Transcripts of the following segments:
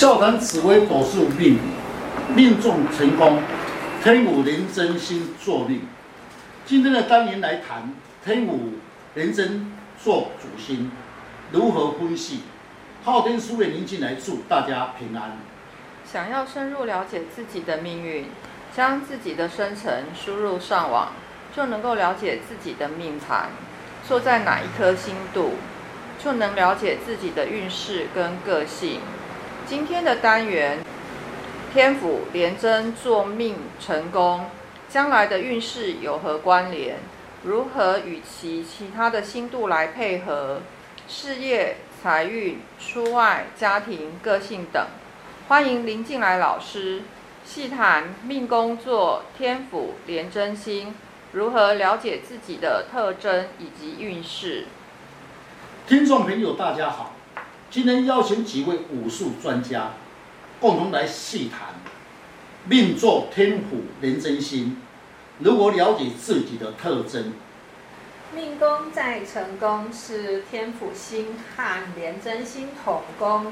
笑談紫微果樹命，命坐辰宮，天府廉貞星坐命。今天的單元來談天府廉貞坐主星如何分析。昊天書院，林進來祝大家平安。想要深入了解自己的命運，將自己的生辰輸入上網，就能夠了解自己的命盤，坐在哪一顆星度，就能了解自己的運勢跟個性。今天的單元，天府廉貞坐命辰宮，將來的運勢有何關聯？如何與其其他的星度來配合？事業、財運、出外、家庭、個性等，歡迎林進來老師細談命宮坐天府廉貞星，如何了解自己的特徵以及運勢？聽眾朋友，大家好。今天邀請幾位武術專家，共同來細談命坐天府廉貞星。如果了解自己的特徵，命宮在辰宮是天府星和廉貞星同宮。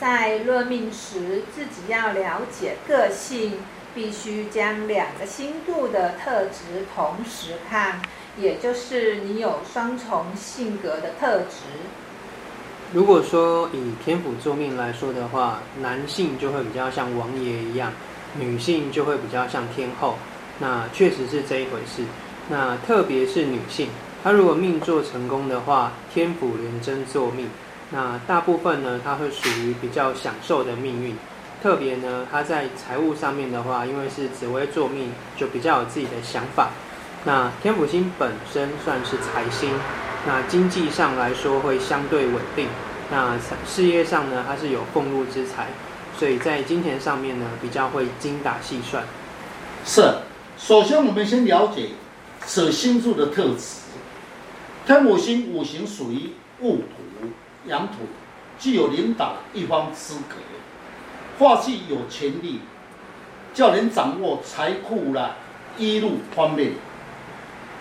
在論命時自己要了解個性，必須將兩個星度的特質同時看，也就是你有雙重性格的特質。如果說以天府坐命來說的話，男性就會比較像王爺一樣，女性就會比較像天後。那確實是這一回事。那特別是女性，她如果命坐辰宮的話，天府廉貞坐命，那大部分呢，她會屬於比較享受的命運。特別呢，她在財務上面的話，因為是紫微坐命，就比較有自己的想法。那天府星本身算是財星。那經濟上來說會相對穩定，那事業上呢，它是有俸祿之財，所以在金錢上面呢，比較會精打細算。是，首先我們先了解此星座的特質。天府星五行屬於戊土、陽土，具有領導一方資格，化氣有權力，叫人掌握財庫啦，一路方面，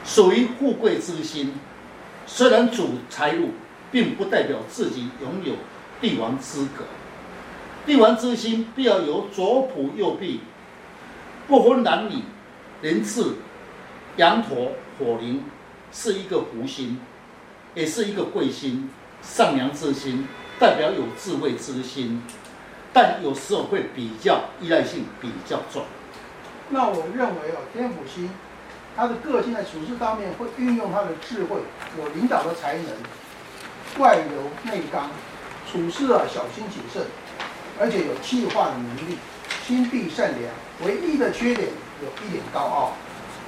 屬於富貴之星。雖然主財祿，並不代表自己擁有帝王資格。帝王之星必要有左輔右弼，不分男女、人字、羊陀、火鈴，是一個福星，也是一個貴星、善良之星，代表有智慧之星，但有時候會比較依賴性比較重。那我認為啊，天府星。他的個性在處事方面會運用他的智慧，有領導的才能，外柔內剛，處事啊，小心謹慎，而且有計劃的能力，心地善良。唯一的缺點有一點高傲，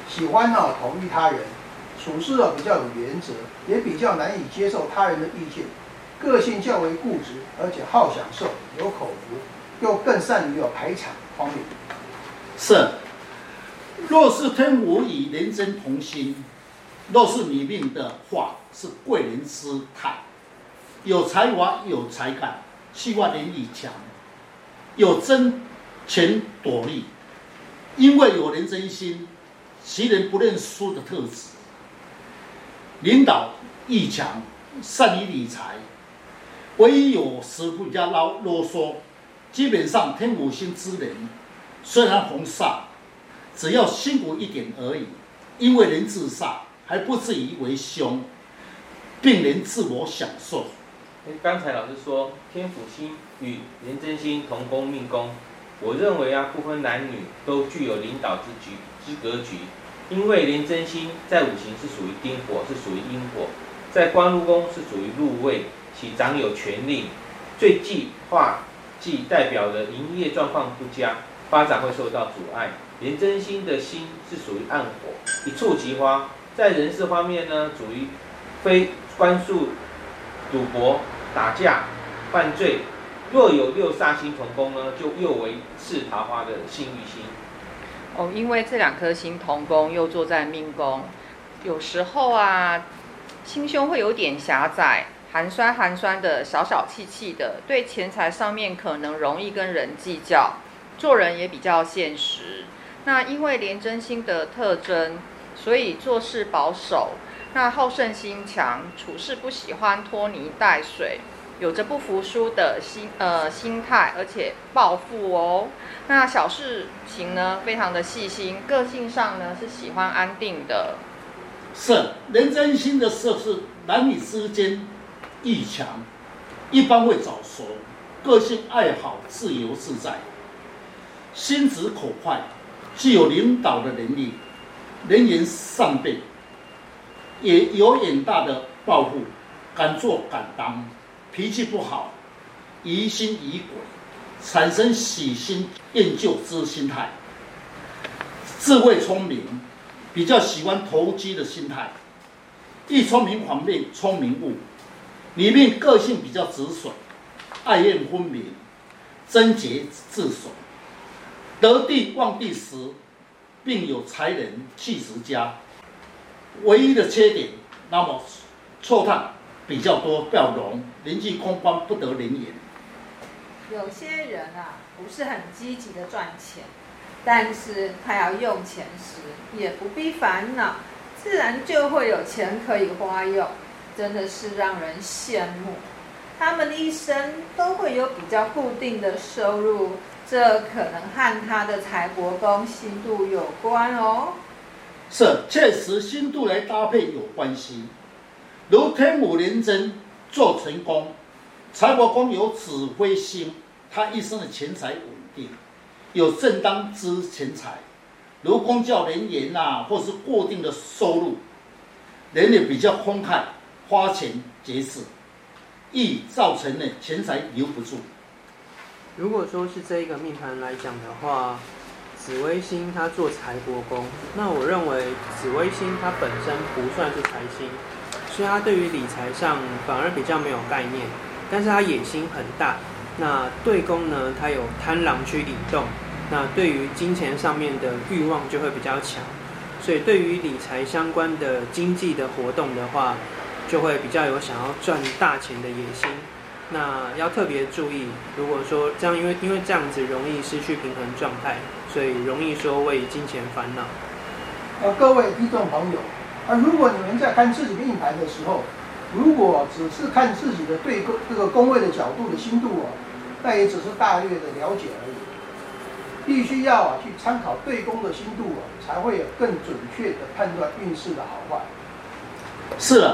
喜歡呢、啊、同意他人，處事啊比較有原則，也比較難以接受他人的意見，個性較為固執，而且好享受，有口福，又更善於有排場方面。是。若是天府與廉貞同心，若是你命的話，是貴人之態，有才華有才幹，希望能力強，有爭權奪利，因為有廉貞心，其人不認輸的特質。領導力強，善於理財，唯有時會比較嘮囉嗦。基本上天府星之人，雖然紅煞。只要辛苦一點而已，因為人自殺還不至於為凶，病人自我享受。欸剛才老師說天府星與廉貞星同宮命宮，我認為啊不分男女都具有領導之局之格局，因為廉貞星在五行是屬於丁火，是屬於陰火，在官祿宮是屬於祿位，其掌有權力，最忌化忌代表的營業狀況不佳。發展會受到阻礙，廉貞星的星是屬於暗火，一觸即發。在人事方面呢，主於非官訟賭博、打架、犯罪。若有六煞星同宮呢，就又為次桃花的性欲星。哦，因為這兩顆星同宮又坐在命宮，有時候啊，心胸會有點狹窄，寒酸寒酸的，小小氣氣的，對錢財上面可能容易跟人計較。做人也比較現實，那因為廉貞星的特徵，所以做事保守，那好勝心強，處事不喜歡拖泥帶水，有着不服輸的心呃心態，而且暴富哦。那小事情呢，非常的細心，個性上呢是喜歡安定的。是廉貞星的是男女之間慾強，一般會早熟，個性愛好自由自在。心直口快，具有領導的能力，能言善辯，也有遠大的抱負，敢作敢當，脾氣不好，疑心疑鬼，產生喜新厭舊之心態。智慧聰明，比較喜歡投機的心態，易聰明反被聰明誤。裡面個性比較直爽，愛憎分明，貞潔自守。得地望地時，並有才能技術家，唯一的缺點，那麼錯探，比較多，比較容鄰居空關不得人言。有些人啊，不是很積極的賺錢，但是他要用錢時也不必煩惱，自然就會有錢可以花用，真的是讓人羨慕。他們的一生都會有比較固定的收入，這可能和他的財帛宮星度有關哦。是，確實星度來搭配有關係。如天府廉貞做成功，財帛宮有紫微星，他一生的錢財穩定，有正當之錢財。如公教人員吶，或是固定的收入，人也比較慷慨，花錢節制。易造成呢錢財留不住。如果說是這一個命盤來講的話，紫微星它做財帛宮，那我認為紫微星它本身不算是財星，所以它對於理財上反而比較沒有概念。但是它野心很大，那對宮呢，它有貪狼去引動，那對於金錢上面的慾望就會比較強，所以對於理財相關的經濟的活動的話。就會比較有想要賺大錢的野心，那要特別注意。如果說這樣，因為因為這樣子容易失去平衡狀態，所以容易說為金錢煩惱。啊、各位聽眾朋友，啊，如果你們在看自己命盤的時候，如果只是看自己的對這個宮位的角度的星度啊，那也只是大略的了解而已。必須要啊去參考對宮的星度啊，才會有更準確的判斷運勢的好壞。是啊。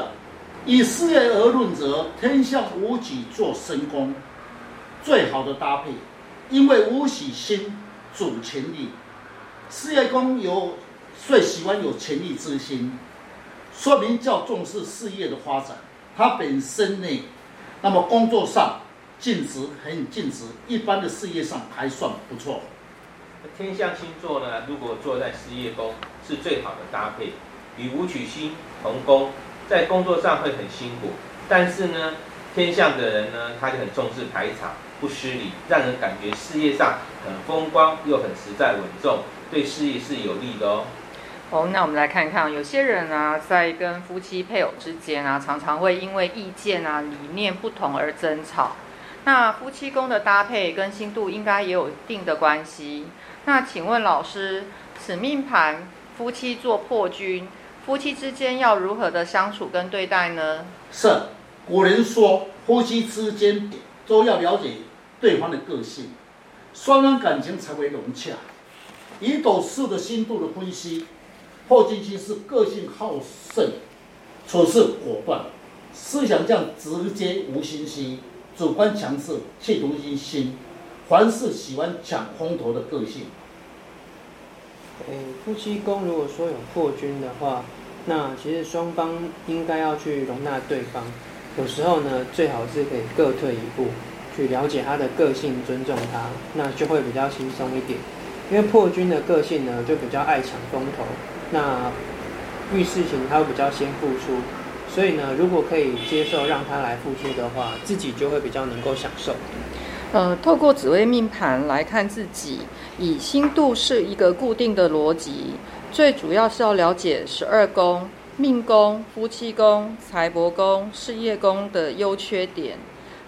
以事業而論，者，天相武曲坐申宮，最好的搭配，因為武曲星主權力，事業宮有最喜歡有權力之星，說明較重視事業的發展。他本身呢，那麼工作上盡職很盡職，一般的事業上還算不錯。天相星座呢，如果坐在事業宮，是最好的搭配，與武曲星同宮。在工作上會很辛苦，但是呢，天相的人呢，他就很重視排場，不失禮，讓人感覺事業上很風光又很實在穩重，對事業是有利的哦。哦，oh, 那我們來看看，有些人呢、啊，在跟夫妻配偶之間啊，常常會因為意見啊、理念不同而爭吵。那夫妻宮的搭配跟星度應該也有一定的關係。那請問老師，此命盤夫妻坐破軍，夫妻之間要如何的相處跟對待呢？是古人說，夫妻之間都要了解對方的個性，雙方感情才會融洽。以鬥數的心度的分析，霍金星是個性好勝，處事果斷，思想將直接無心機，主觀強勢，氣度於心，凡事喜歡搶風頭的個性。哎，夫妻宮如果說有破軍的話，那其實雙方應該要去容納對方。有時候呢，最好是可以各退一步，去了解他的個性，尊重他，那就會比較輕鬆一點。因為破軍的個性呢，就比較愛搶風頭，那遇事情他會比較先付出，所以呢，如果可以接受讓他來付出的話，自己就會比較能夠享受。呃，透過紫微命盤來看自己。以心度是一個固定的邏輯，最主要是要了解十二宮、命宮、夫妻宮、財帛宮、事業宮的優缺點，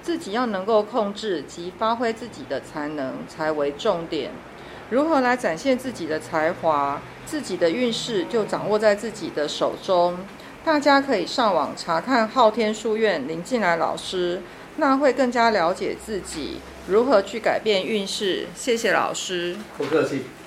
自己要能夠控制及發揮自己的才能，才為重點。如何來展現自己的才華，自己的運勢就掌握在自己的手中。大家可以上網查看昊天書院林進來老師，那會更加了解自己如何去改變運勢。謝謝老師。不客氣。